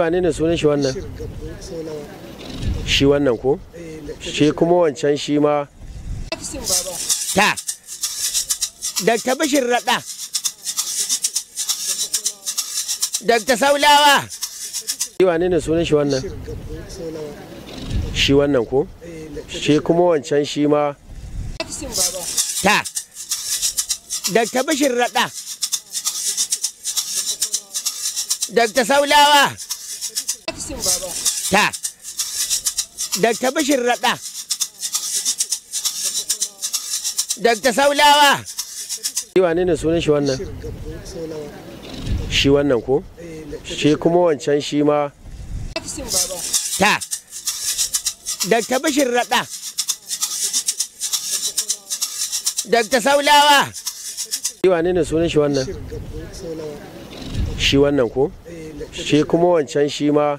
wane ne sunan shi wannan shi wannan ko shi kuma wancan shi ma ta dakta bashir raɗa dakta saulawa shi wane ne sunan shi wannan shi wannan ko shi kuma wancan shi ma ta dakta bashir raɗa dakta saulawa ta ta Bashir Rada ta Saulawa shi wane ne sunan shi wannan shi wannan ko shi kuma wancan shi ma ta Bashir Rada Dr. Saulawa shi wane ne sunan shi wannan shi wannan ko shi kuma wancan shi ma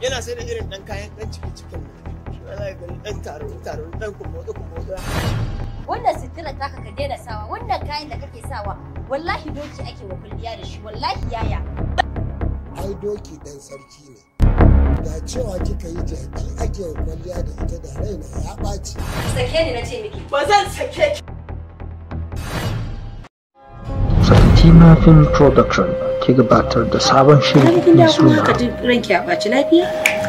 yana sai da irin dan kayan dan ciki cikin shi ana dan taro taro dan kuma wata kuma wata wannan sitira taka ka daina sawa wannan kayan da kake sawa wallahi doki ake wa kulliya da shi wallahi yaya ai doki dan sarki ne da cewa kika yi jaki ake wa kwalliya da ita da raina ya ɓaci. Sake ni na ce miki. Ba zan sake ki. Sarki Film Production Ki gabatar da sabon shiri mai suna. Ka ji ranki a ɓaci lafiya?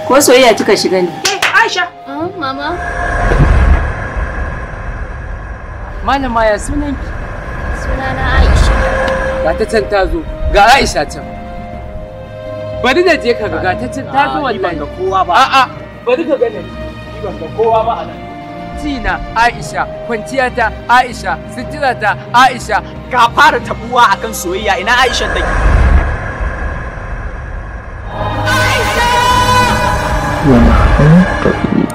Ko soyayya kika shiga ne? Eh, Aisha. Ah, mama. Malama ya sunan ki? Sunana Aisha. Ga ta can ta zo, ga Aisha can. Bari na je ka ga ta can ta zo ah, wallahi. Ban ga kowa ba. A'a, bari ka gane. Ban ga kowa ba a nan. Tina Aisha, kwanciyata Aisha, suturata Aisha, ka fara tabuwa akan soyayya ina Aisha take Aisha eh, eh,